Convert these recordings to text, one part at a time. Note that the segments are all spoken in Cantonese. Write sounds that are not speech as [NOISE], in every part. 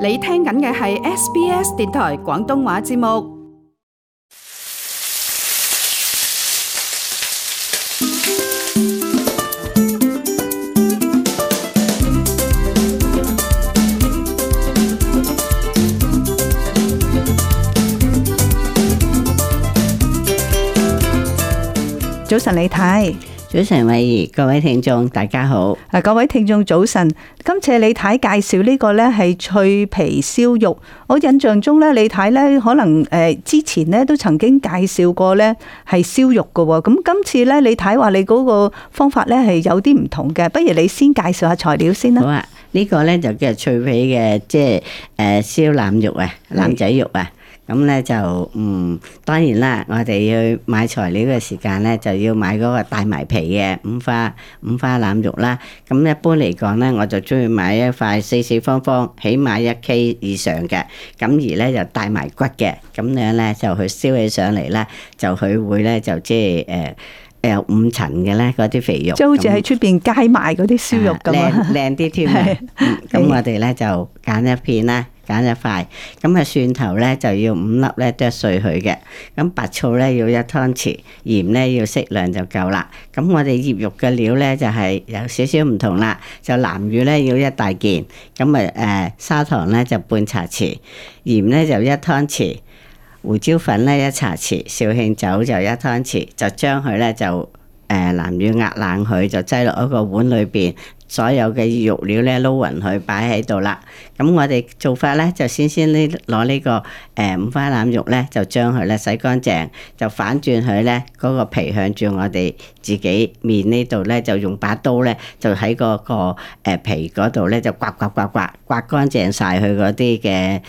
你聽緊嘅係 SBS 電台廣東話節目。早晨，李太。早晨，偉儀，各位聽眾大家好。嗱，各位聽眾早晨。今次李太介紹呢個呢係脆皮燒肉。我印象中呢，李太呢可能誒之前呢都曾經介紹過呢係燒肉嘅。咁今次呢，李太話你嗰個方法呢係有啲唔同嘅。不如你先介紹下材料先啦。好啊，呢、這個呢就叫脆皮嘅，即係誒燒腩肉啊，腩仔肉啊。咁咧就嗯，當然啦，我哋要去買材料嘅時間咧，就要買嗰個帶埋皮嘅五花五花腩肉啦。咁一般嚟講咧，我就中意買一塊四四方方，起碼一 K 以上嘅，咁而咧就帶埋骨嘅，咁樣咧就去燒起上嚟咧，就佢會咧就即係誒誒五層嘅咧嗰啲肥肉，即好似喺出邊街賣嗰啲燒肉咁啊，靚啲添。咁 [LAUGHS] 的我哋咧就揀一片啦。揀一塊，咁嘅蒜頭咧就要五粒咧，剁碎佢嘅。咁白醋咧要一湯匙，鹽咧要適量就夠啦。咁我哋醃肉嘅料咧就係、是、有少少唔同啦,就南乳咧要一大件，咁啊誒砂糖咧就半茶匙，鹽咧就一湯匙，胡椒粉咧一茶匙，紹興酒就一湯匙，就將佢咧就誒、呃、南乳壓冷佢，就擠落一個碗裏邊。所有嘅肉料咧撈勻佢擺喺度啦，咁我哋做法咧就先先呢攞呢個誒五花腩肉咧，就將佢咧洗乾淨，就反轉佢咧個皮向住我哋自己面呢度咧，就用把刀咧就喺個個誒皮嗰度咧就刮刮刮刮刮乾淨晒佢嗰啲嘅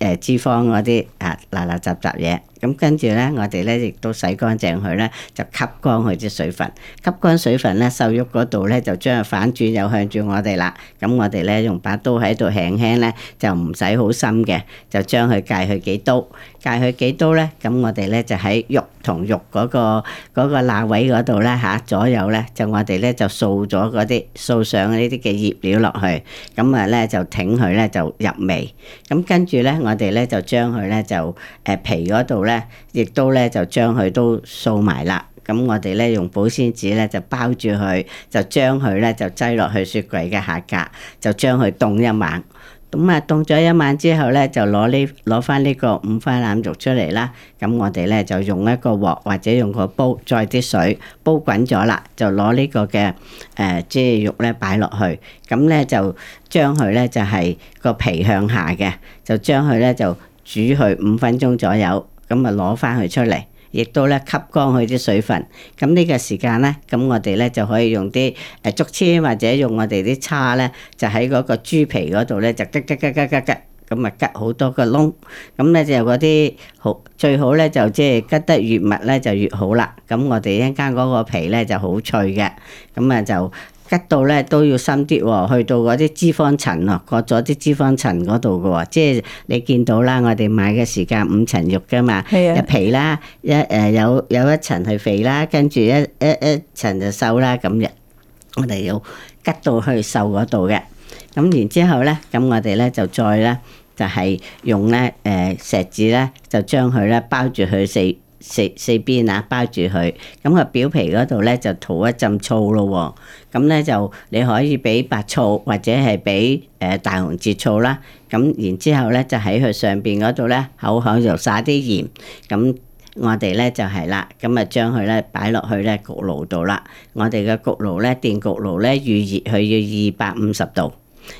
誒脂肪嗰啲啊嗱嗱雜雜嘢，咁跟住咧我哋咧亦都洗乾淨佢咧就吸乾佢啲水分，吸乾水分咧，瘦肉嗰度咧就將佢反轉。向住我哋啦，咁我哋咧用把刀喺度輕輕咧，就唔使好深嘅，就將佢介去幾刀，介去幾刀咧，咁我哋咧就喺肉同肉嗰個嗰個罅位嗰度咧吓左右咧，就我哋咧就掃咗嗰啲掃上呢啲嘅醃料落去，咁啊咧就挺佢咧就入味，咁跟住咧我哋咧就將佢咧就誒皮嗰度咧，亦都咧就將佢都掃埋啦。咁我哋咧用保鮮紙咧就包住佢，就將佢咧就擠落去雪櫃嘅下格，就將佢凍一晚。咁、嗯、啊，凍咗一晚之後咧，就攞呢攞翻呢個五花腩肉出嚟啦。咁我哋咧就用一個鑊或者用個煲，再啲水煲滾咗啦，就攞、呃、呢個嘅誒即係肉咧擺落去。咁咧就將佢咧就係、是、個皮向下嘅，就將佢咧就煮佢五分鐘左右。咁啊攞翻佢出嚟。亦都咧吸乾佢啲水分，咁呢個時間咧，咁我哋咧就可以用啲誒竹籤或者用我哋啲叉咧，就喺嗰個豬皮嗰度咧，就吉吉吉吉吉吉，咁啊吉好多個窿，咁咧就嗰啲好最好咧就即係吉得越密咧就越好啦。咁我哋一間嗰個皮咧就好脆嘅，咁啊就。吉到咧都要深啲喎，哦，去到嗰啲脂肪層咯，割咗啲脂肪層嗰度嘅喎，即係你見到啦，我哋買嘅時間五層肉㗎嘛，的皮啦，一誒有有一層係肥啦，跟住一一一層就瘦啦，咁嘅，我哋要吉到去瘦嗰度嘅，咁、嗯、然之後咧，咁我哋咧就再咧就係、是、用咧誒、呃、錫紙咧就將佢咧包住佢先。四四邊啊，包住佢，咁個表皮嗰度咧就塗一浸醋咯喎，咁咧就你可以俾白醋或者係俾誒大紅浙醋啦，咁然之後咧就喺佢上邊嗰度咧口口又撒啲鹽，咁我哋咧就係啦，咁啊將佢咧擺落去咧焗爐度啦，我哋嘅焗爐咧電焗爐咧預熱佢要二百五十度。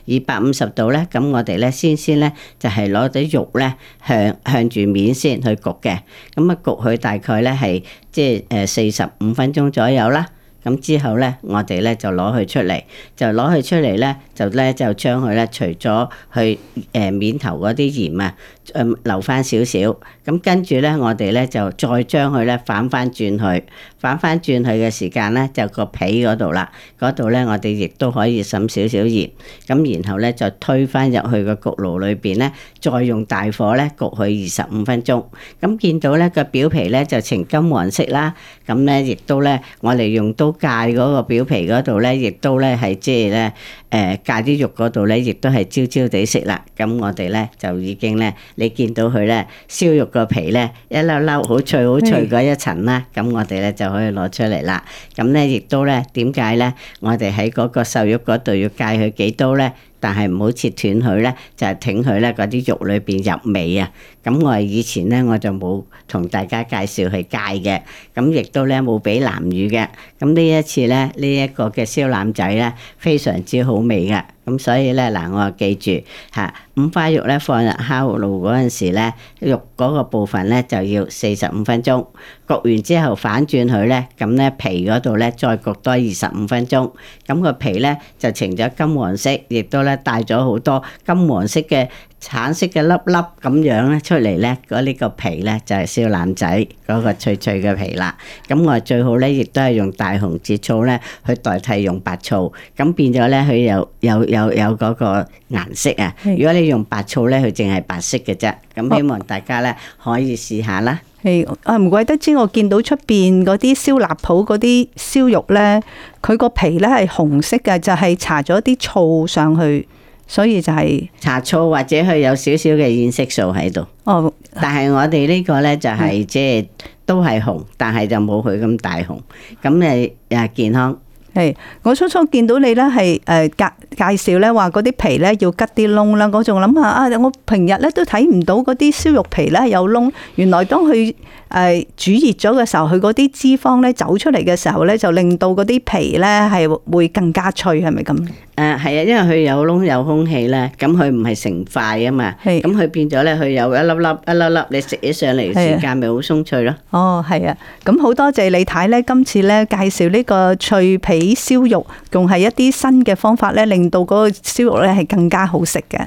二百五十度咧，咁我哋咧先先咧就係攞啲肉咧向向住面先去焗嘅，咁、嗯、啊焗佢大概咧係即係誒四十五分鐘左右啦，咁、嗯、之後咧我哋咧就攞佢出嚟，就攞佢出嚟咧就咧就將佢咧除咗去誒、呃、面頭嗰啲鹽啊。誒、呃、留翻少少，咁跟住咧，我哋咧就再將佢咧反翻轉去，反翻轉去嘅時間咧就個皮嗰度啦，嗰度咧我哋亦都可以滲少少鹽，咁然後咧就推翻入去個焗爐裏邊咧，再用大火咧焗佢二十五分鐘，咁見到咧個表皮咧就呈金黃色啦，咁咧亦都咧我哋用刀界嗰個表皮嗰度咧，亦都咧係即係咧。誒，介啲、呃、肉嗰度咧，亦都係焦焦地色啦。咁我哋咧就已經咧，你見到佢咧燒肉個皮咧，一粒粒好脆好脆嗰一層啦。咁、嗯、我哋咧就可以攞出嚟啦。咁咧亦都咧，點解咧？我哋喺嗰個瘦肉嗰度要介佢幾刀咧？但係唔好切斷佢咧，就係等佢咧嗰啲肉裏邊入味啊！咁我以前咧我就冇同大家介紹去戒嘅，咁亦都咧冇俾南乳嘅。咁呢一次咧呢一個嘅燒腩仔咧非常之好味嘅。咁所以咧嗱，我啊記住嚇，五花肉咧放入烤爐嗰陣時咧，肉嗰個部分咧就要四十五分鐘，焗完之後反轉佢咧，咁咧皮嗰度咧再焗多二十五分鐘，咁個皮咧就呈咗金黃色，亦都咧帶咗好多金黃色嘅。橙色嘅粒粒咁樣咧出嚟咧，嗰呢個皮咧就係燒腩仔嗰個脆脆嘅皮啦。咁我最好咧，亦都係用大紅浙醋咧去代替用白醋，咁變咗咧佢又有有有嗰個顏色啊！如果你用白醋咧，佢淨係白色嘅啫。咁希望大家咧可以試下啦。係啊，唔怪得之我見到出邊嗰啲燒臘鋪嗰啲燒肉咧，佢個皮咧係紅色嘅，就係搽咗啲醋上去。所以就係、是、茶醋或者佢有少少嘅染色素喺度。哦，但係我哋呢個呢、就是，就係即係都係紅，但係就冇佢咁大紅。咁你誒健康係。我初初見到你呢，係誒、呃、介介紹呢話嗰啲皮呢要吉啲窿啦，我仲諗下啊，我平日呢都睇唔到嗰啲燒肉皮呢有窿。原來當佢誒煮熱咗嘅時候，佢嗰啲脂肪呢走出嚟嘅時候呢，就令到嗰啲皮呢係會更加脆，係咪咁？誒，係啊，因為佢有窿有空氣啦，咁佢唔係成塊啊嘛，咁佢的變咗咧，佢有一粒粒一粒粒你一的，你食起上嚟時間咪好鬆脆咯。哦，係啊，咁好多謝李太咧，今次咧介紹呢個脆皮燒肉，仲係一啲新嘅方法咧，令到嗰個燒肉咧係更加好食嘅。